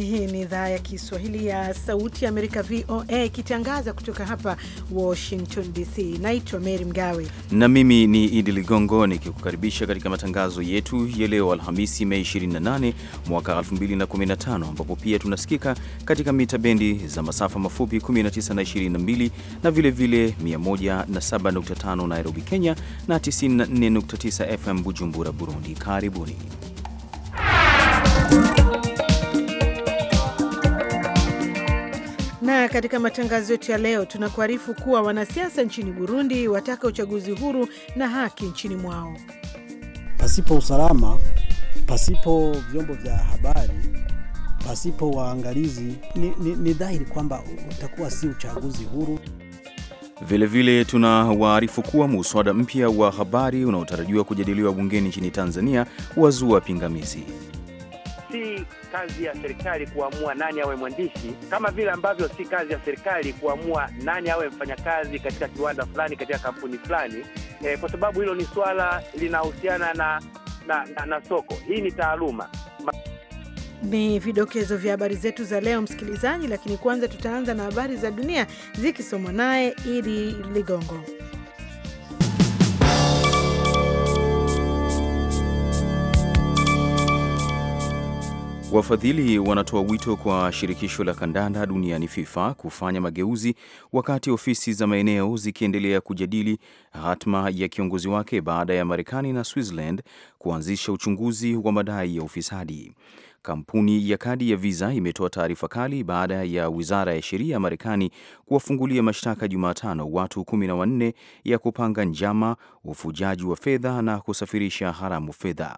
Hii ni idhaa ya Kiswahili ya Sauti ya Amerika, VOA, ikitangaza kutoka hapa Washington DC. Naitwa Mary Mgawe na mimi ni Idi Ligongo nikikukaribisha katika matangazo yetu ya leo Alhamisi, Mei 28 mwaka 2015, ambapo pia tunasikika katika mita bendi za masafa mafupi 19 na 22 na vilevile 107.5 na Nairobi, Kenya na 94.9 FM Bujumbura, Burundi. Karibuni Na katika matangazo yetu ya leo tunakuarifu kuwa wanasiasa nchini Burundi wataka uchaguzi huru na haki nchini mwao. Pasipo usalama, pasipo vyombo vya habari, pasipo waangalizi, ni, ni, ni dhahiri kwamba utakuwa si uchaguzi huru. Vilevile tuna waarifu kuwa muswada mpya wa habari unaotarajiwa kujadiliwa bungeni nchini Tanzania wazua pingamizi si kazi ya serikali kuamua nani awe mwandishi, kama vile ambavyo si kazi ya serikali kuamua nani awe mfanyakazi katika kiwanda fulani, katika kampuni fulani e, kwa sababu hilo ni swala linahusiana na na, na na soko. Hii ni taaluma. Ni vidokezo vya habari zetu za leo, msikilizaji, lakini kwanza tutaanza na habari za dunia zikisomwa naye Idi Ligongo. Wafadhili wanatoa wito kwa shirikisho la kandanda duniani FIFA kufanya mageuzi wakati ofisi za maeneo zikiendelea kujadili hatma ya kiongozi wake baada ya Marekani na Switzerland kuanzisha uchunguzi wa madai ya ufisadi. Kampuni ya kadi ya Visa imetoa taarifa kali baada ya wizara ya sheria ya Marekani kuwafungulia mashtaka Jumatano watu kumi na wanne ya kupanga njama, ufujaji wa fedha na kusafirisha haramu fedha.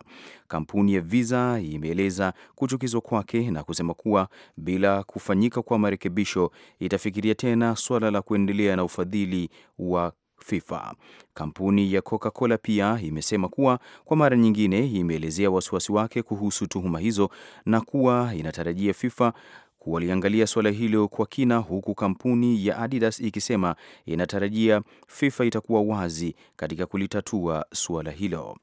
Kampuni ya Visa imeeleza kuchukizwa kwake na kusema kuwa bila kufanyika kwa marekebisho itafikiria tena suala la kuendelea na ufadhili wa FIFA. Kampuni ya Coca-Cola pia imesema kuwa kwa mara nyingine imeelezea wasiwasi wake kuhusu tuhuma hizo na kuwa inatarajia FIFA waliangalia suala hilo kwa kina, huku kampuni ya Adidas ikisema inatarajia FIFA itakuwa wazi katika kulitatua suala hilo.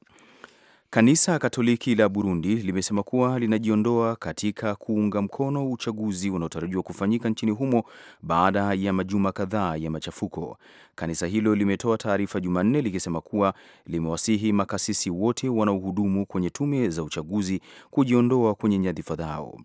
Kanisa Katoliki la Burundi limesema kuwa linajiondoa katika kuunga mkono uchaguzi unaotarajiwa kufanyika nchini humo baada ya majuma kadhaa ya machafuko. Kanisa hilo limetoa taarifa Jumanne likisema kuwa limewasihi makasisi wote wanaohudumu kwenye tume za uchaguzi kujiondoa kwenye nyadhifa zao.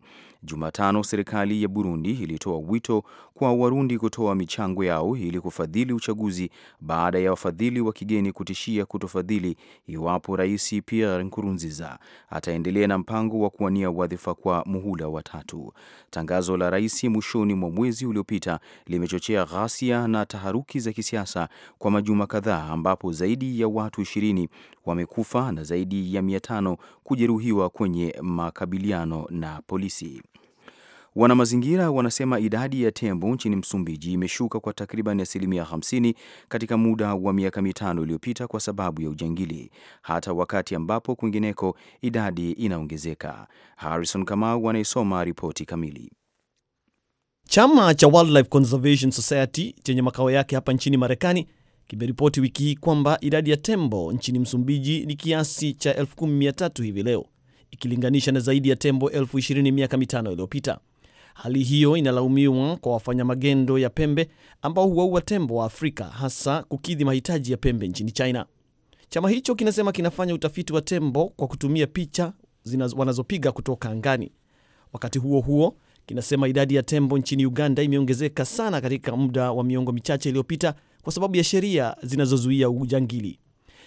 Jumatano, serikali ya Burundi ilitoa wito kwa Warundi kutoa michango yao ili kufadhili uchaguzi baada ya wafadhili wa kigeni kutishia kutofadhili iwapo Rais Pierre Pierre Nkurunziza ataendelea na mpango wa kuwania wadhifa kwa muhula wa tatu. Tangazo la rais mwishoni mwa mwezi uliopita limechochea ghasia na taharuki za kisiasa kwa majuma kadhaa, ambapo zaidi ya watu ishirini wamekufa na zaidi ya mia tano kujeruhiwa kwenye makabiliano na polisi. Wanamazingira wanasema idadi ya tembo nchini Msumbiji imeshuka kwa takriban asilimia 50 katika muda wa miaka mitano iliyopita kwa sababu ya ujangili, hata wakati ambapo kwingineko idadi inaongezeka. Harrison Kamau anayesoma ripoti kamili. Chama cha Wildlife Conservation Society chenye makao yake hapa nchini Marekani kimeripoti wiki hii kwamba idadi ya tembo nchini Msumbiji ni kiasi cha 13 hivi leo ikilinganisha na zaidi ya tembo elfu ishirini miaka mitano iliyopita. Hali hiyo inalaumiwa kwa wafanya magendo ya pembe ambao huwaua tembo wa Afrika, hasa kukidhi mahitaji ya pembe nchini China. Chama hicho kinasema kinafanya utafiti wa tembo kwa kutumia picha wanazopiga kutoka angani. Wakati huo huo, kinasema idadi ya tembo nchini Uganda imeongezeka sana katika muda wa miongo michache iliyopita kwa sababu ya sheria zinazozuia ujangili.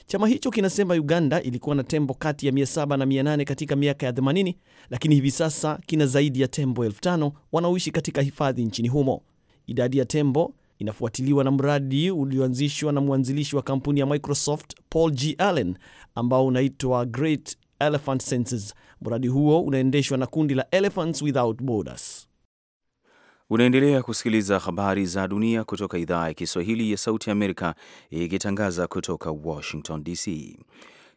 Chama hicho kinasema Uganda ilikuwa na tembo kati ya 700 na 800 katika miaka ya 80, lakini hivi sasa kina zaidi ya tembo 5000 wanaoishi katika hifadhi nchini humo. Idadi ya tembo inafuatiliwa na mradi ulioanzishwa na mwanzilishi wa kampuni ya Microsoft Paul G. Allen ambao unaitwa Great Elephant Census. Mradi huo unaendeshwa na kundi la Elephants Without Borders. Unaendelea kusikiliza habari za dunia kutoka idhaa ya Kiswahili ya Sauti Amerika ikitangaza kutoka Washington DC.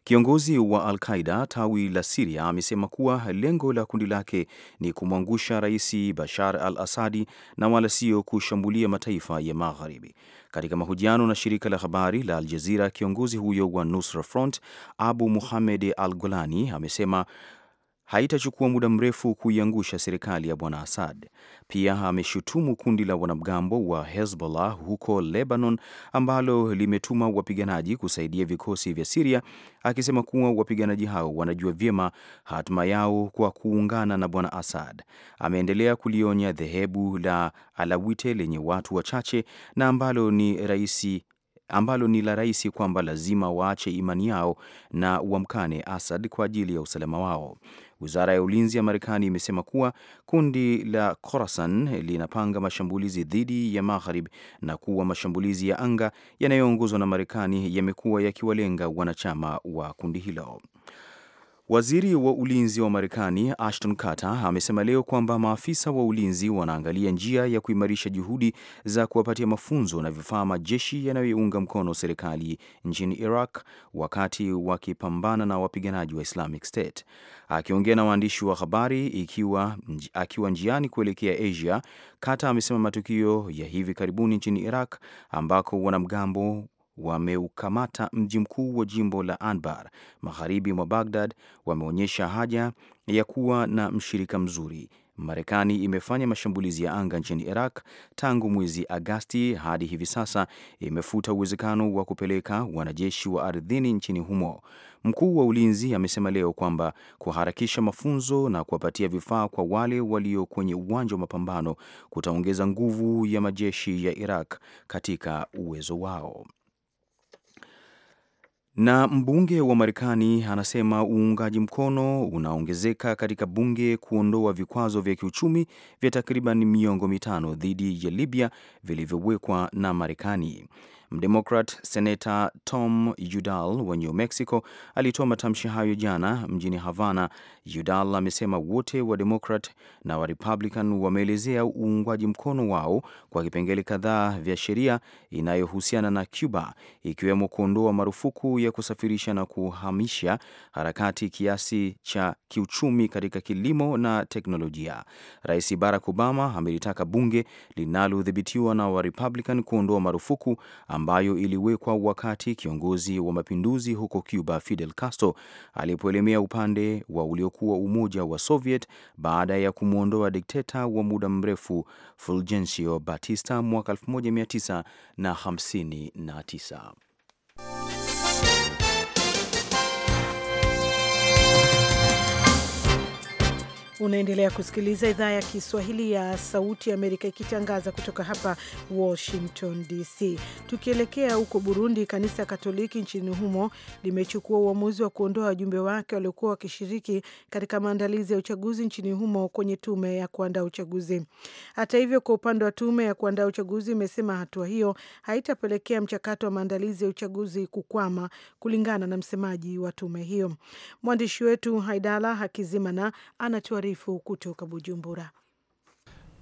Kiongozi wa Al Qaida tawi la Siria amesema kuwa lengo la kundi lake ni kumwangusha Rais Bashar al Asadi na wala sio kushambulia mataifa ya Magharibi. Katika mahojiano na shirika la habari la Al Jazira, kiongozi huyo wa Nusra Front Abu Muhamed al Golani amesema haitachukua muda mrefu kuiangusha serikali ya bwana Assad. Pia ameshutumu kundi la wanamgambo wa Hezbollah huko Lebanon ambalo limetuma wapiganaji kusaidia vikosi vya Siria, akisema kuwa wapiganaji hao wanajua vyema hatima yao kwa kuungana na bwana Assad. Ameendelea kulionya dhehebu la Alawite lenye watu wachache na ambalo ni raisi ambalo ni la rais kwamba lazima waache imani yao na wamkane Assad kwa ajili ya usalama wao. Wizara ya ulinzi ya Marekani imesema kuwa kundi la Khorasan linapanga mashambulizi dhidi ya Maghrib na kuwa mashambulizi ya anga yanayoongozwa na Marekani yamekuwa yakiwalenga wanachama wa kundi hilo. Waziri wa ulinzi wa Marekani Ashton Carter amesema leo kwamba maafisa wa ulinzi wanaangalia njia ya kuimarisha juhudi za kuwapatia mafunzo na vifaa majeshi yanayounga mkono serikali nchini Iraq wakati wakipambana na wapiganaji wa Islamic State. Akiongea na waandishi wa habari ikiwa akiwa njiani kuelekea Asia, Carter amesema matukio ya hivi karibuni nchini Iraq ambako wanamgambo wameukamata mji mkuu wa jimbo la Anbar magharibi mwa Bagdad wameonyesha haja ya kuwa na mshirika mzuri. Marekani imefanya mashambulizi ya anga nchini Iraq tangu mwezi Agasti hadi hivi sasa, imefuta uwezekano wa kupeleka wanajeshi wa ardhini nchini humo. Mkuu wa ulinzi amesema leo kwamba kuharakisha mafunzo na kuwapatia vifaa kwa wale walio kwenye uwanja wa mapambano kutaongeza nguvu ya majeshi ya Iraq katika uwezo wao. Na mbunge wa Marekani anasema uungaji mkono unaongezeka katika bunge kuondoa vikwazo vya kiuchumi vya takriban miongo mitano dhidi ya Libya vilivyowekwa na Marekani. Mdemokrat Senata Tom Udall wa New Mexico alitoa matamshi hayo jana mjini Havana. Udall amesema wote wa Demokrat na wa Republican wameelezea uungwaji mkono wao kwa kipengele kadhaa vya sheria inayohusiana na Cuba, ikiwemo kuondoa marufuku ya kusafirisha na kuhamisha harakati kiasi cha kiuchumi katika kilimo na teknolojia. Rais Barack Obama amelitaka bunge linalodhibitiwa na wa Republican kuondoa marufuku ambayo iliwekwa wakati kiongozi wa mapinduzi huko Cuba Fidel Castro alipoelemea upande wa uliokuwa Umoja wa Soviet baada ya kumwondoa dikteta wa muda mrefu Fulgencio Batista mwaka 1959. Unaendelea kusikiliza idhaa ya Kiswahili ya Sauti ya Amerika ikitangaza kutoka hapa Washington DC. Tukielekea huko Burundi, kanisa Katoliki nchini humo limechukua uamuzi wa kuondoa wajumbe wake waliokuwa wakishiriki katika maandalizi ya uchaguzi nchini humo kwenye tume ya kuandaa uchaguzi. Hata hivyo, kwa upande wa tume ya kuandaa uchaguzi imesema hatua hiyo haitapelekea mchakato wa maandalizi ya uchaguzi kukwama, kulingana na msemaji wa tume hiyo. Mwandishi wetu Haidala Hakizimana anatoa taarifu kutoka Bujumbura.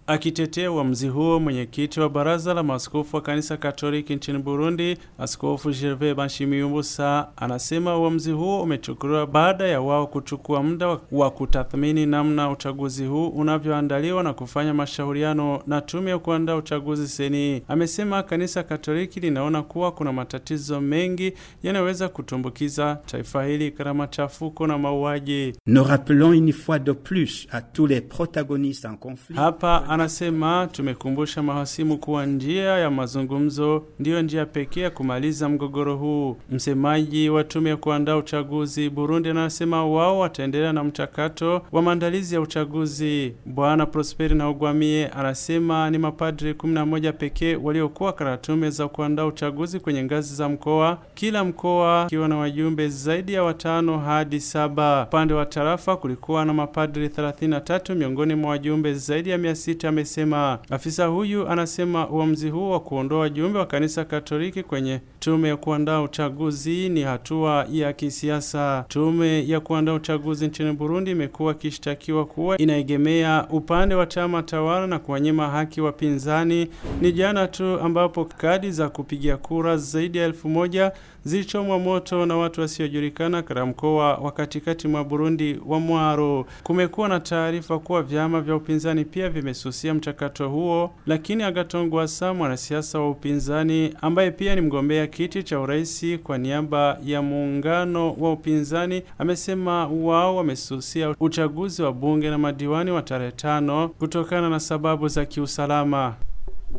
Akitetea uamuzi huo, mwenyekiti wa baraza la maaskofu wa kanisa Katoliki nchini Burundi, Askofu Gervais Banshimiyumbusa, anasema uamuzi huo umechukuliwa baada ya wao kuchukua muda wa kutathmini namna uchaguzi huu unavyoandaliwa na kufanya mashauriano na tume ya kuandaa uchaguzi seni. Amesema kanisa Katoliki linaona kuwa kuna matatizo mengi yanayoweza kutumbukiza taifa hili katika machafuko na mauaji. Nous rappelons une fois de plus à tous les protagonistes en conflit. Hapa anasema tumekumbusha mahasimu kuwa njia ya mazungumzo ndiyo njia pekee ya kumaliza mgogoro huu. Msemaji wa tume ya kuandaa uchaguzi Burundi anasema wao wataendelea na mchakato wa maandalizi ya uchaguzi. Bwana Prosperi Ugwamie anasema ni mapadri 11 pekee waliokuwa karatume za kuandaa uchaguzi kwenye ngazi za mkoa, kila mkoa ikiwa na wajumbe zaidi ya watano hadi saba. Upande wa tarafa kulikuwa na mapadri 33 miongoni mwa wajumbe zaidi ya sita Magufuli amesema. Afisa huyu anasema uamuzi huo wa kuondoa wajumbe wa kanisa Katoliki kwenye Tume ya kuandaa uchaguzi ni hatua ya kisiasa. Tume ya kuandaa uchaguzi nchini Burundi imekuwa ikishtakiwa kuwa inaegemea upande wa chama tawala na kuwanyima haki wapinzani. Ni jana tu ambapo kadi za kupigia kura zaidi ya elfu moja zilichomwa moto na watu wasiojulikana katika mkoa wa katikati mwa Burundi wa Mwaro. Kumekuwa na taarifa kuwa vyama vya upinzani pia vimesusia mchakato huo, lakini Agathon sa mwanasiasa wa upinzani ambaye pia ni mgombea kiti cha urais kwa niaba ya muungano wa upinzani amesema wao wamesusia uchaguzi wa bunge na madiwani wa tarehe tano kutokana na sababu za kiusalama.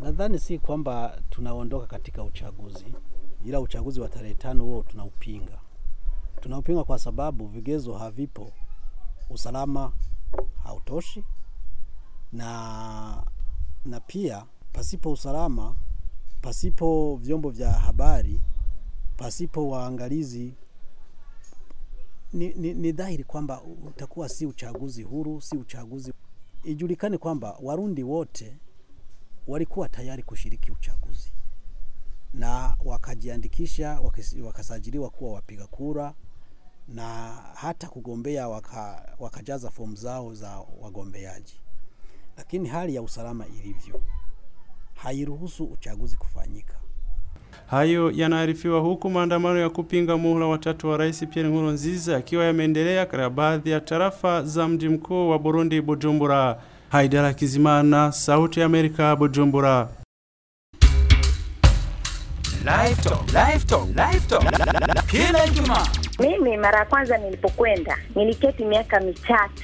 Nadhani si kwamba tunaondoka katika uchaguzi, ila uchaguzi wa tarehe tano huo tunaupinga. Tunaupinga kwa sababu vigezo havipo, usalama hautoshi, na na pia pasipo usalama pasipo vyombo vya habari, pasipo waangalizi ni, ni, ni dhahiri kwamba utakuwa si uchaguzi huru, si uchaguzi. Ijulikane kwamba Warundi wote walikuwa tayari kushiriki uchaguzi na wakajiandikisha wakasajiliwa kuwa wapiga kura na hata kugombea waka, wakajaza fomu zao za wagombeaji, lakini hali ya usalama ilivyo hairuhusu uchaguzi kufanyika. Hayo yanaarifiwa huku maandamano ya kupinga muhula watatu wa Rais Pierre Nkurunziza yakiwa yameendelea katika baadhi ya tarafa za mji mkuu wa Burundi, Bujumbura. Haidara Kizimana, Sauti ya Amerika, Bujumbura. Live live live Kila Ijumaa. Mimi mara ya kwanza nilipokwenda niliketi miaka mitatu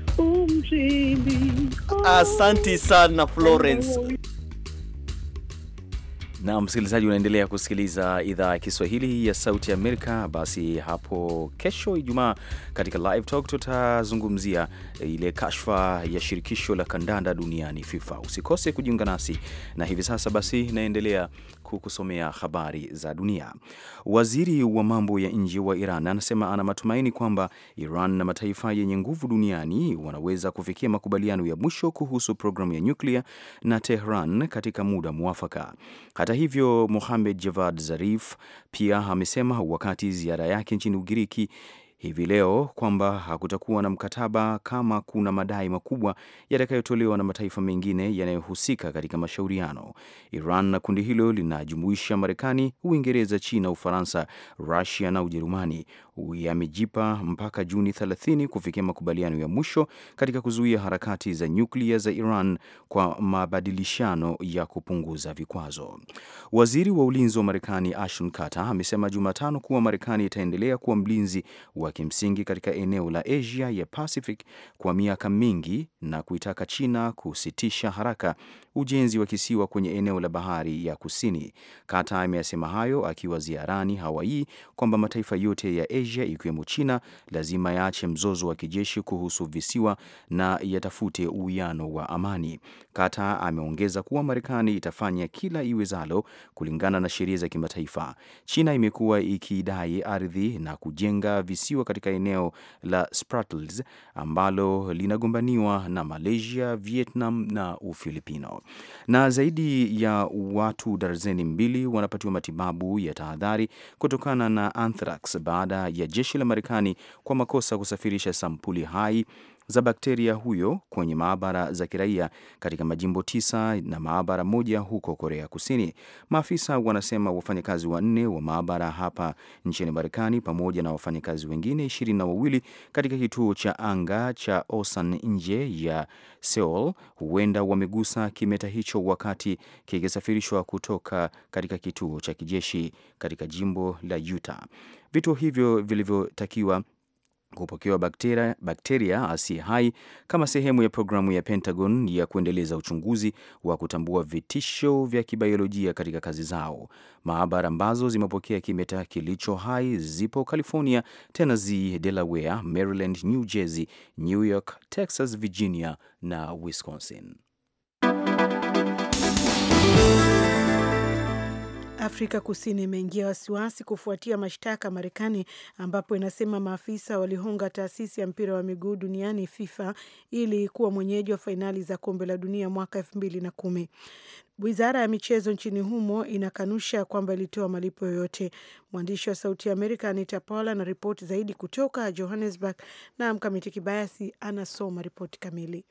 Asante sana Florence na msikilizaji, unaendelea kusikiliza idhaa ya Kiswahili ya Sauti ya Amerika. Basi hapo kesho Ijumaa, katika Live Talk tutazungumzia ile kashfa ya shirikisho la kandanda duniani FIFA. Usikose kujiunga nasi, na hivi sasa basi naendelea kukusomea habari za dunia. Waziri wa mambo ya nje wa Iran anasema ana matumaini kwamba Iran na mataifa yenye nguvu duniani wanaweza kufikia makubaliano ya mwisho kuhusu programu ya nyuklia na Tehran katika muda mwafaka. Hata hata hivyo, Mohamed Javad Zarif pia amesema wakati ziara yake nchini Ugiriki hivi leo kwamba hakutakuwa na mkataba kama kuna madai makubwa yatakayotolewa na mataifa mengine yanayohusika katika mashauriano. Iran na kundi hilo linajumuisha Marekani, Uingereza, China, Ufaransa, Rusia na Ujerumani yamejipa mpaka Juni 30 kufikia makubaliano ya mwisho katika kuzuia harakati za nyuklia za Iran kwa mabadilishano ya kupunguza vikwazo. Waziri wa ulinzi wa Marekani Ashton Carter amesema Jumatano kuwa Marekani itaendelea kuwa mlinzi wa kimsingi katika eneo la Asia ya Pacific kwa miaka mingi na kuitaka China kusitisha haraka ujenzi wa kisiwa kwenye eneo la bahari ya Kusini. Carter ameyasema hayo akiwa ziarani Hawaii kwamba mataifa yote ya Asia ikiwemo China lazima yaache mzozo wa kijeshi kuhusu visiwa na yatafute uwiano wa amani. Kata ameongeza kuwa Marekani itafanya kila iwezalo kulingana na sheria za kimataifa. China imekuwa ikidai ardhi na kujenga visiwa katika eneo la Spratle's ambalo linagombaniwa na Malaysia, Vietnam na Ufilipino. Na zaidi ya watu darzeni mbili wanapatiwa matibabu ya tahadhari kutokana na anthrax baada ya jeshi la Marekani kwa makosa kusafirisha sampuli hai za bakteria huyo kwenye maabara za kiraia katika majimbo tisa na maabara moja huko Korea Kusini. Maafisa wanasema wafanyakazi wanne wa maabara hapa nchini Marekani pamoja na wafanyakazi wengine ishirini na wawili katika kituo cha anga cha Osan nje ya Seoul huenda wamegusa kimeta hicho wakati kikisafirishwa kutoka katika kituo cha kijeshi katika jimbo la Utah. Vituo hivyo vilivyotakiwa kupokewa bakteria, bakteria asiye hai kama sehemu ya programu ya Pentagon ya kuendeleza uchunguzi wa kutambua vitisho vya kibaiolojia katika kazi zao. Maabara ambazo zimepokea kimeta kilicho hai zipo California, Tennessee, Delaware, Maryland, New Jersey, New York, Texas, Virginia na Wisconsin. Afrika Kusini imeingia wasiwasi kufuatia mashtaka Marekani, ambapo inasema maafisa walihonga taasisi ya mpira wa miguu duniani FIFA ili kuwa mwenyeji wa fainali za kombe la dunia mwaka elfu mbili na kumi. Wizara ya michezo nchini humo inakanusha kwamba ilitoa malipo yoyote. Mwandishi wa Sauti ya Amerika Anita Paula na ripoti zaidi kutoka Johannesburg, na Mkamiti Kibayasi anasoma ripoti kamili.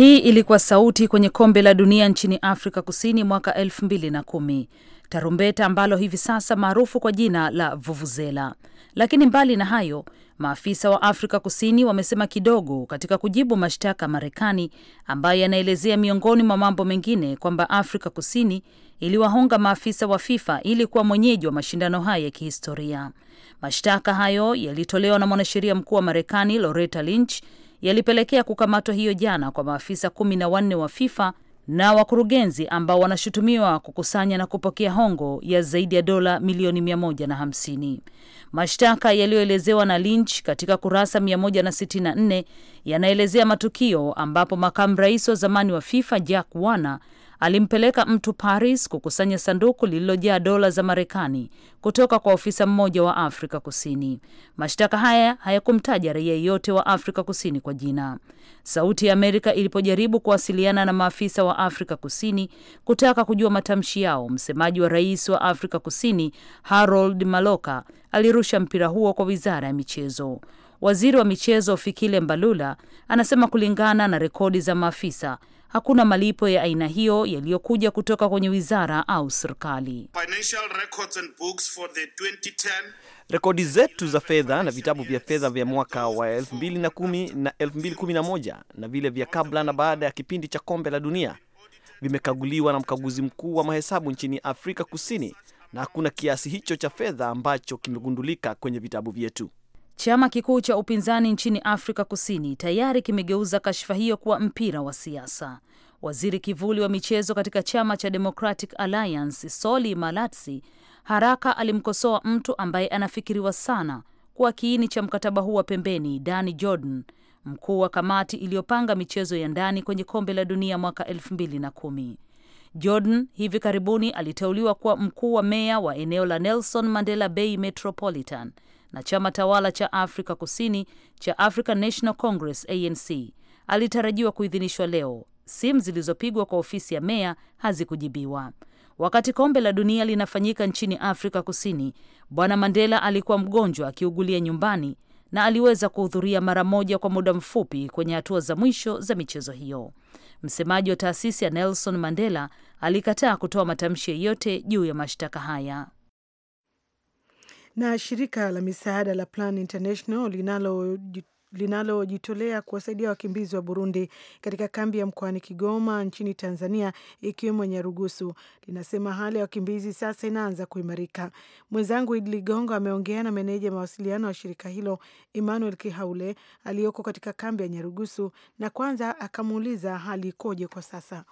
Hii ilikuwa sauti kwenye kombe la dunia nchini Afrika Kusini mwaka elfu mbili na kumi, tarumbeta ambalo hivi sasa maarufu kwa jina la vuvuzela. Lakini mbali na hayo, maafisa wa Afrika Kusini wamesema kidogo katika kujibu mashtaka Marekani ambayo yanaelezea miongoni mwa mambo mengine kwamba Afrika Kusini iliwahonga maafisa wa FIFA ili kuwa mwenyeji wa mashindano haya ya kihistoria. Mashtaka hayo yalitolewa na mwanasheria mkuu wa Marekani Loretta Lynch yalipelekea kukamatwa hiyo jana kwa maafisa kumi na wanne wa FIFA na wakurugenzi ambao wanashutumiwa kukusanya na kupokea hongo ya zaidi ya dola milioni hamsini. Mashtaka yaliyoelezewa na Lynch katika kurasa 164 yanaelezea matukio ambapo makamu rais wa zamani wa FIFA Jack Wana alimpeleka mtu Paris kukusanya sanduku lililojaa dola za Marekani kutoka kwa ofisa mmoja wa Afrika Kusini. Mashtaka haya hayakumtaja raia yeyote wa Afrika Kusini kwa jina. Sauti ya Amerika ilipojaribu kuwasiliana na maafisa wa Afrika Kusini kutaka kujua matamshi yao, msemaji wa rais wa Afrika Kusini Harold Maloka alirusha mpira huo kwa wizara ya michezo. Waziri wa michezo Fikile Mbalula anasema kulingana na rekodi za maafisa hakuna malipo ya aina hiyo yaliyokuja kutoka kwenye wizara au serikali. Rekodi zetu za fedha na vitabu vya fedha vya mwaka wa 2010 na 2011 na vile vya kabla na baada ya kipindi cha kombe la dunia vimekaguliwa na mkaguzi mkuu wa mahesabu nchini Afrika Kusini, na hakuna kiasi hicho cha fedha ambacho kimegundulika kwenye vitabu vyetu. Chama kikuu cha upinzani nchini Afrika Kusini tayari kimegeuza kashfa hiyo kuwa mpira wa siasa. Waziri kivuli wa michezo katika chama cha Democratic Alliance, Soli Malatsi, haraka alimkosoa mtu ambaye anafikiriwa sana kuwa kiini cha mkataba huu wa pembeni, Dani Jordan, mkuu wa kamati iliyopanga michezo ya ndani kwenye kombe la dunia mwaka elfu mbili na kumi. Jordan hivi karibuni aliteuliwa kuwa mkuu wa meya wa eneo la Nelson Mandela Bay Metropolitan na chama tawala cha Afrika Kusini cha African National Congress ANC alitarajiwa kuidhinishwa leo. Simu zilizopigwa kwa ofisi ya meya hazikujibiwa. Wakati kombe la dunia linafanyika nchini Afrika Kusini, Bwana Mandela alikuwa mgonjwa akiugulia nyumbani na aliweza kuhudhuria mara moja kwa muda mfupi kwenye hatua za mwisho za michezo hiyo. Msemaji wa taasisi ya Nelson Mandela alikataa kutoa matamshi yoyote juu ya mashtaka haya. Na shirika la misaada la Plan International linalo linalojitolea kuwasaidia wakimbizi wa Burundi katika kambi ya mkoani Kigoma nchini Tanzania, ikiwemo Nyarugusu, linasema hali ya wakimbizi sasa inaanza kuimarika. Mwenzangu Idi Ligongo ameongea na meneja mawasiliano wa shirika hilo Emmanuel Kihaule aliyoko katika kambi ya Nyarugusu, na kwanza akamuuliza hali ikoje kwa sasa.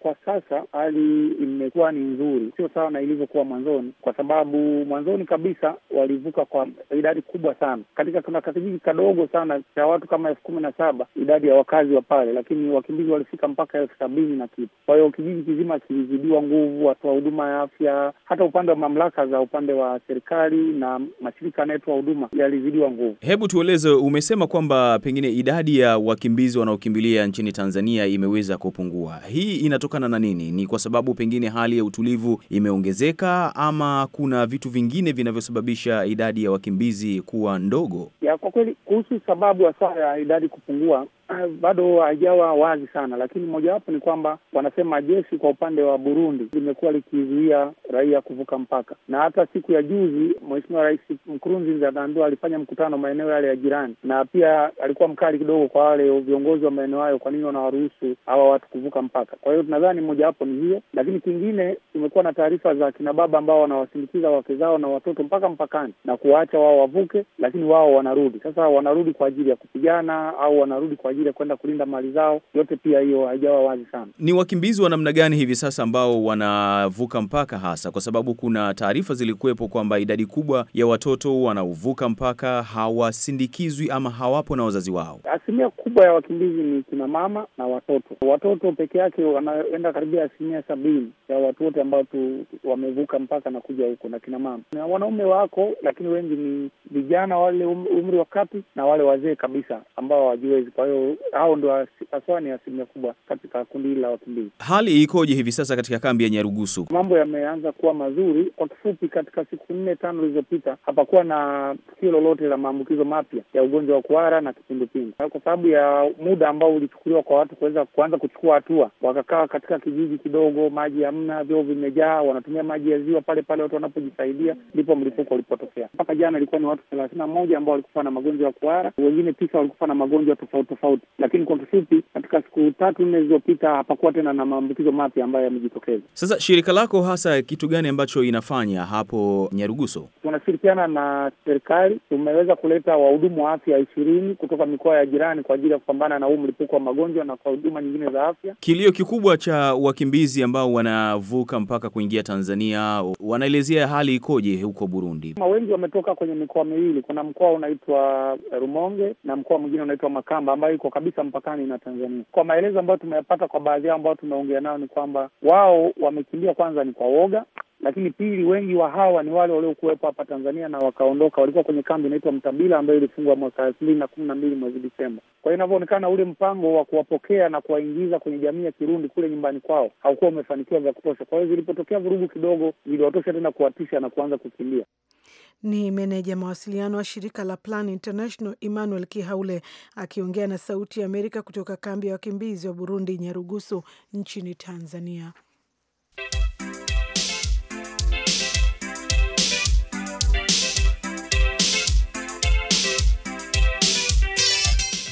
Kwa sasa hali imekuwa ni nzuri, sio sawa na ilivyokuwa mwanzoni, kwa sababu mwanzoni kabisa walivuka kwa idadi kubwa sana katika kuna kijiji kadogo sana cha watu kama elfu kumi na saba idadi ya wakazi wa pale, lakini wakimbizi walifika mpaka elfu sabini na kitu. Kwa hiyo kijiji kizima kilizidiwa nguvu, watoa huduma ya afya, hata upande wa mamlaka za upande wa serikali na mashirika yanayotoa huduma yalizidiwa nguvu. Hebu tueleze, umesema kwamba pengine idadi ya wakimbizi wanaokimbilia nchini Tanzania imeweza kupungua, hii inatoka kutokana na nini? Ni kwa sababu pengine hali ya utulivu imeongezeka ama kuna vitu vingine vinavyosababisha idadi ya wakimbizi kuwa ndogo? Ya, kwa kweli kuhusu sababu hasa ya idadi kupungua Ah, bado haijawa wazi sana, lakini mojawapo ni kwamba wanasema jeshi kwa upande wa Burundi limekuwa likizuia raia kuvuka mpaka, na hata siku ya juzi Mheshimiwa Rais Nkurunziza anaambiwa alifanya mkutano maeneo yale ya jirani, na pia alikuwa mkali kidogo kwa wale viongozi wa maeneo hayo, kwa nini wanawaruhusu hawa watu kuvuka mpaka? Kwa hiyo tunadhani mojawapo ni hiyo, lakini kingine tumekuwa na taarifa za kina baba ambao wanawasindikiza wake zao na watoto mpaka mpakani na kuwaacha wao wavuke, lakini wao wanarudi. Sasa wanarudi kwa ajili ya kupigana au wanarudi kwa ajili ya kwenda kulinda mali zao, yote pia hiyo haijawa wazi sana. Ni wakimbizi wa namna gani hivi sasa ambao wanavuka mpaka hasa, kwa sababu kuna taarifa zilikuwepo kwamba idadi kubwa ya watoto wanaovuka mpaka hawasindikizwi ama hawapo na wazazi wao. Asilimia kubwa ya wakimbizi ni kina mama na watoto. Watoto peke yake wanaenda karibia asilimia sabini ya watu wote ambao tu wamevuka mpaka na kuja huko, na kina mama na wanaume wako, lakini wengi ni vijana wale umri wa kati na wale wazee kabisa ambao hawajiwezi, kwa hiyo hao ndo haswa ni asilimia kubwa katika kundi hili la wakimbizi. Hali ikoje hivi sasa katika kambi ya Nyarugusu? Mambo yameanza kuwa mazuri. Kwa kifupi, katika siku nne tano zilizopita hapakuwa na tukio lolote la maambukizo mapya ya ugonjwa wa kuhara na kipindupindu. Kwa sababu ya muda ambao ulichukuliwa kwa watu kuweza kuanza kuchukua hatua, wakakaa katika kijiji kidogo, maji hamna, vyoo vimejaa, wanatumia maji ya ziwa pale pale watu wanapojisaidia, ndipo mlipuko ulipotokea. Mpaka jana ilikuwa ni watu thelathini na moja ambao walikufa na magonjwa ya kuhara, wengine tisa walikufa na magonjwa tofauti tofauti tofauti, lakini kwa kifupi, katika siku tatu nne zilizopita hapakuwa tena na maambukizo mapya ambayo yamejitokeza. Sasa shirika lako hasa kitu gani ambacho inafanya hapo Nyaruguso? Tunashirikiana na serikali, tumeweza kuleta wahudumu wa afya ishirini kutoka mikoa ya jirani kwa ajili ya kupambana na huu mlipuko wa magonjwa na kwa huduma nyingine za afya. Kilio kikubwa cha wakimbizi ambao wanavuka mpaka kuingia Tanzania, wanaelezea hali ikoje huko Burundi? Wengi wametoka kwenye mikoa miwili, kuna mkoa unaitwa Rumonge na mkoa mwingine unaitwa Makamba ambayo iko kabisa mpakani na Tanzania. Kwa maelezo ambayo tumeyapata kwa baadhi yao ambao tumeongea nao ni kwamba wao wamekimbia, kwanza ni kwa woga, lakini pili, wengi wa hawa ni wale waliokuwepo hapa Tanzania na wakaondoka, walikuwa kwenye kambi inaitwa Mtabila ambayo ilifungwa mwaka elfu mbili na kumi na mbili mwezi Desemba. Kwa hiyo inavyoonekana, ule mpango wa kuwapokea na kuwaingiza kwenye jamii ya Kirundi kule nyumbani kwao haukuwa umefanikiwa vya kutosha. Kwa hiyo zilipotokea vurugu kidogo, ziliwatosha tena kuwatisha na kuanza kukimbia. Ni meneja mawasiliano wa shirika la Plan International, Emmanuel Kihaule akiongea na Sauti ya Amerika kutoka kambi ya wakimbizi wa Burundi, Nyarugusu nchini Tanzania.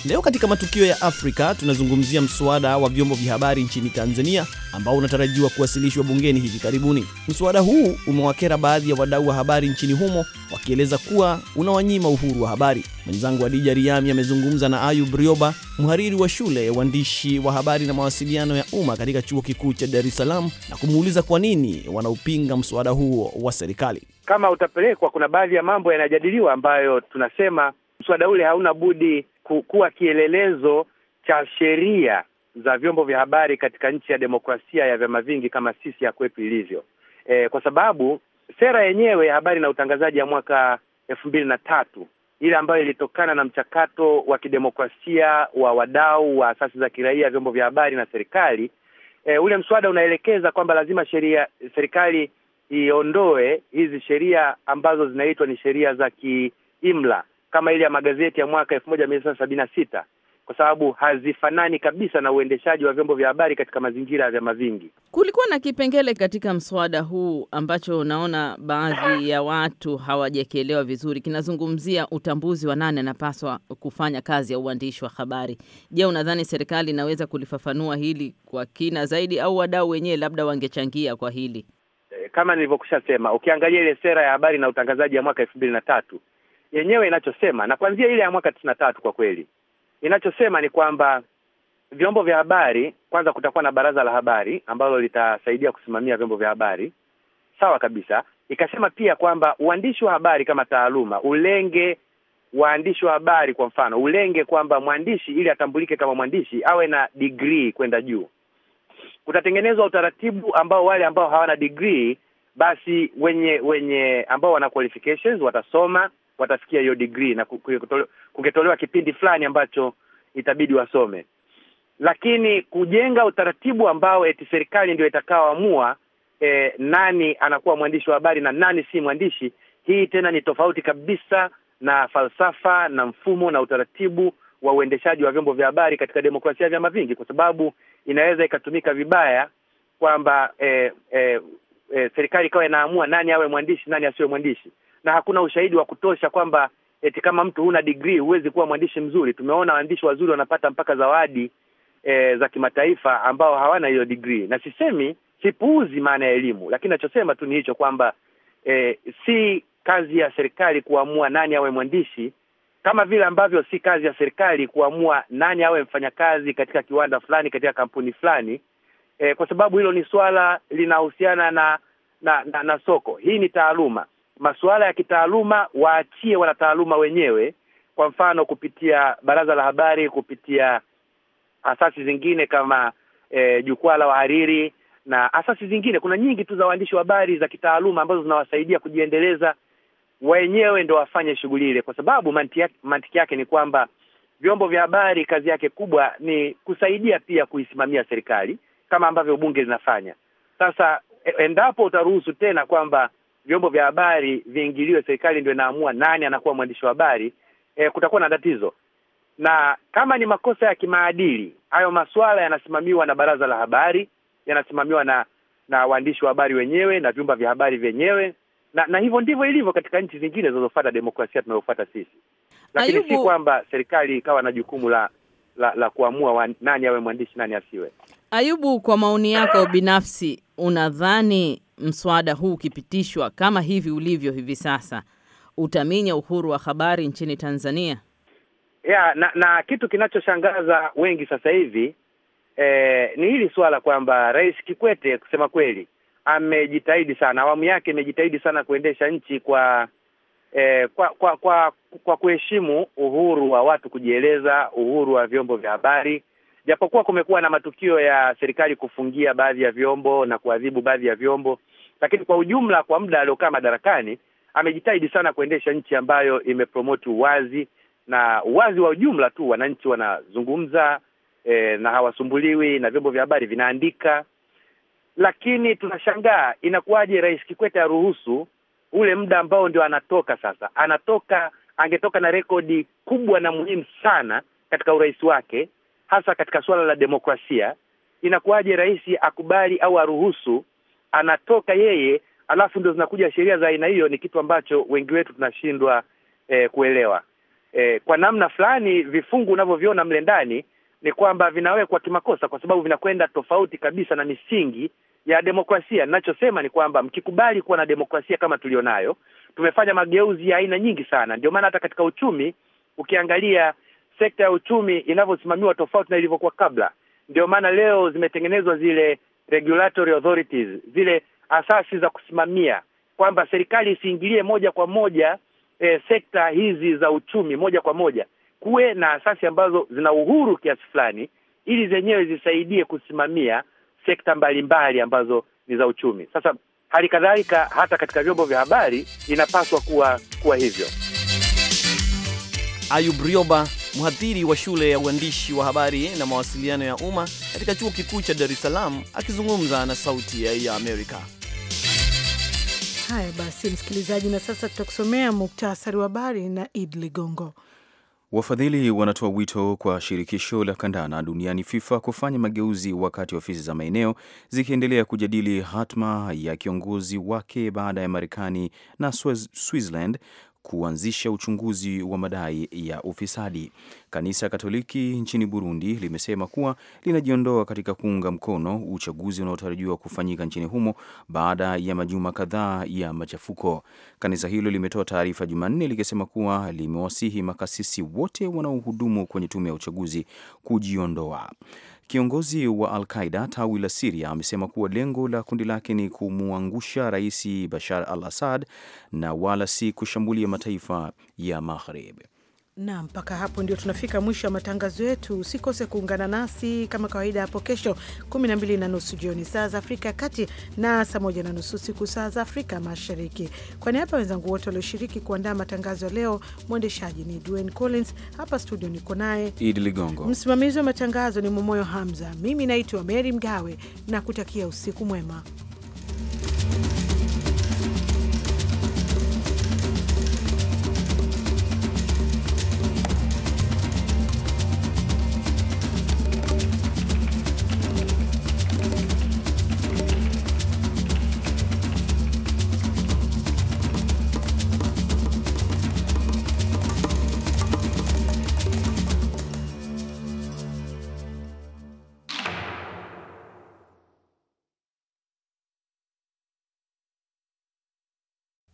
Leo katika matukio ya Afrika tunazungumzia mswada wa vyombo vya habari nchini Tanzania ambao unatarajiwa kuwasilishwa bungeni hivi karibuni. Mswada huu umewakera baadhi ya wadau wa habari nchini humo wakieleza kuwa unawanyima uhuru wa habari. Mwenzangu Adija Riami amezungumza na Ayub Rioba, mhariri wa shule ya uandishi wa habari na mawasiliano ya umma katika chuo kikuu cha Dar es Salaam na kumuuliza kwa nini wanaupinga mswada huo wa serikali. Kama utapelekwa, kuna baadhi ya mambo yanajadiliwa ambayo tunasema mswada ule hauna budi kuwa kielelezo cha sheria za vyombo vya habari katika nchi ya demokrasia ya vyama vingi kama sisi ya kwetu ilivyo. E, kwa sababu sera yenyewe ya habari na utangazaji ya mwaka elfu mbili na tatu ile ambayo ilitokana na mchakato wa kidemokrasia wa wadau wa asasi za kiraia, vyombo vya habari na serikali. E, ule mswada unaelekeza kwamba lazima sheria serikali iondoe hizi sheria ambazo zinaitwa ni sheria za kiimla kama ile ya magazeti ya mwaka elfu moja mia tisa sabini na sita kwa sababu hazifanani kabisa na uendeshaji wa vyombo vya habari katika mazingira ya vyama vingi. Kulikuwa na kipengele katika mswada huu ambacho unaona baadhi ya watu hawajakielewa vizuri, kinazungumzia utambuzi wa nani anapaswa kufanya kazi ya uandishi wa habari. Je, unadhani serikali inaweza kulifafanua hili kwa kina zaidi, au wadau wenyewe labda wangechangia kwa hili? Eh, kama nilivyokusha sema, ukiangalia ile sera ya habari na utangazaji ya mwaka elfu mbili na tatu yenyewe inachosema na kuanzia ile ya mwaka tisini na tatu kwa kweli inachosema ni kwamba vyombo vya habari kwanza, kutakuwa na baraza la habari ambalo litasaidia kusimamia vyombo vya habari, sawa kabisa. Ikasema pia kwamba uandishi wa habari kama taaluma ulenge waandishi wa habari, kwa mfano ulenge kwamba mwandishi, ili atambulike kama mwandishi, awe na degree kwenda juu. Kutatengenezwa utaratibu ambao wale ambao hawana degree basi wenye wenye ambao wana qualifications watasoma watafikia hiyo digri na kuketolewa kipindi fulani ambacho itabidi wasome, lakini kujenga utaratibu ambao eti serikali ndio itakaoamua e, nani anakuwa mwandishi wa habari na nani si mwandishi, hii tena ni tofauti kabisa na falsafa na mfumo na utaratibu wa uendeshaji wa vyombo vya habari katika demokrasia ya vyama vingi, kwa sababu inaweza ikatumika vibaya kwamba e, e, e, serikali ikawa inaamua nani awe mwandishi nani asiwe mwandishi na hakuna ushahidi wa kutosha kwamba eti kama mtu huna degree huwezi kuwa mwandishi mzuri. Tumeona waandishi wazuri wanapata mpaka zawadi e, za kimataifa ambao hawana hiyo degree, na sisemi, sipuuzi maana ya elimu, lakini nachosema tu ni hicho kwamba e, si kazi ya serikali kuamua nani awe mwandishi kama vile ambavyo si kazi ya serikali kuamua nani awe mfanyakazi katika kiwanda fulani, katika kampuni fulani e, kwa sababu hilo ni swala linahusiana na na, na na soko. Hii ni taaluma masuala ya kitaaluma waachie wanataaluma wenyewe, kwa mfano kupitia baraza la habari, kupitia asasi zingine kama e, jukwaa la wahariri na asasi zingine. Kuna nyingi tu za waandishi wa habari za kitaaluma ambazo zinawasaidia kujiendeleza wenyewe, ndo wafanye shughuli ile, kwa sababu mantiki yake ni kwamba vyombo vya habari kazi yake kubwa ni kusaidia pia kuisimamia serikali kama ambavyo bunge linafanya. Sasa e, endapo utaruhusu tena kwamba vyombo vya habari viingiliwe, serikali ndio inaamua nani anakuwa mwandishi wa habari e, kutakuwa na tatizo. Na kama ni makosa ya kimaadili, hayo masuala yanasimamiwa na baraza la habari, yanasimamiwa na na waandishi wa habari wenyewe na vyumba vya habari vyenyewe, na na hivyo ndivyo ilivyo katika nchi zingine zinazofuata demokrasia tunayofuata sisi, lakini Ayubu... si kwamba serikali ikawa na jukumu la la, la kuamua wa, nani awe mwandishi nani asiwe. Ayubu, kwa maoni yako binafsi, unadhani mswada huu ukipitishwa kama hivi ulivyo hivi sasa utaminya uhuru wa habari nchini Tanzania? Yeah, na, na kitu kinachoshangaza wengi sasa hivi eh, ni hili suala kwamba Rais Kikwete kusema kweli amejitahidi sana, awamu yake imejitahidi sana kuendesha nchi kwa eh, kwa kwa kwa, kwa kuheshimu uhuru wa watu kujieleza, uhuru wa vyombo vya habari japokuwa kumekuwa na matukio ya serikali kufungia baadhi ya vyombo na kuadhibu baadhi ya vyombo, lakini kwa ujumla, kwa muda aliokaa madarakani, amejitahidi sana kuendesha nchi ambayo imepromoti uwazi na uwazi wa ujumla tu, wananchi wanazungumza e, na hawasumbuliwi na vyombo vya habari vinaandika. Lakini tunashangaa inakuwaje Rais Kikwete aruhusu ule muda ambao ndio anatoka sasa, anatoka angetoka na rekodi kubwa na muhimu sana katika urais wake hasa katika suala la demokrasia. Inakuwaje rais akubali au aruhusu, anatoka yeye, alafu ndo zinakuja sheria za aina hiyo? Ni kitu ambacho wengi wetu tunashindwa eh, kuelewa. Eh, kwa namna fulani vifungu unavyoviona mle ndani ni kwamba vinawekwa kimakosa, kwa sababu vinakwenda tofauti kabisa na misingi ya demokrasia. Ninachosema ni kwamba mkikubali kuwa na demokrasia kama tulionayo, tumefanya mageuzi ya aina nyingi sana. Ndio maana hata katika uchumi ukiangalia sekta ya uchumi inavyosimamiwa tofauti na ilivyokuwa kabla. Ndio maana leo zimetengenezwa zile regulatory authorities, zile asasi za kusimamia kwamba serikali isiingilie moja kwa moja e, sekta hizi za uchumi moja kwa moja. Kuwe na asasi ambazo zina uhuru kiasi fulani, ili zenyewe zisaidie kusimamia sekta mbalimbali ambazo ni za uchumi. Sasa hali kadhalika, hata katika vyombo vya habari inapaswa kuwa kuwa hivyo. Ayub Rioba mhadhiri wa shule ya uandishi wa habari na mawasiliano ya umma katika chuo kikuu cha Dar es Salaam, akizungumza na Sauti ya Amerika. Haya basi, msikilizaji, na sasa tutakusomea muktasari wa habari na Id Ligongo. Wafadhili wanatoa wito kwa shirikisho la kandanda duniani FIFA kufanya mageuzi wakati ofisi za maeneo zikiendelea kujadili hatma ya kiongozi wake baada ya Marekani na Switzerland kuanzisha uchunguzi wa madai ya ufisadi. Kanisa Katoliki nchini Burundi limesema kuwa linajiondoa katika kuunga mkono uchaguzi unaotarajiwa kufanyika nchini humo baada ya majuma kadhaa ya machafuko. Kanisa hilo limetoa taarifa Jumanne likisema kuwa limewasihi makasisi wote wanaohudumu kwenye tume ya uchaguzi kujiondoa. Kiongozi wa Al-Qaida tawi la Siria amesema kuwa lengo la kundi lake ni kumwangusha Rais Bashar al-Assad na wala si kushambulia mataifa ya maghreb na mpaka hapo ndio tunafika mwisho wa matangazo yetu. Usikose kuungana nasi kama kawaida hapo kesho 12 na nusu jioni saa za Afrika ya Kati na saa moja na nusu siku saa za Afrika Mashariki. Kwa niaba wenzangu wote walioshiriki kuandaa matangazo ya leo, mwendeshaji ni Dwayne Collins, hapa studio niko naye Idi Ligongo, msimamizi wa matangazo ni Momoyo Hamza, mimi naitwa Mary Mgawe na kutakia usiku mwema.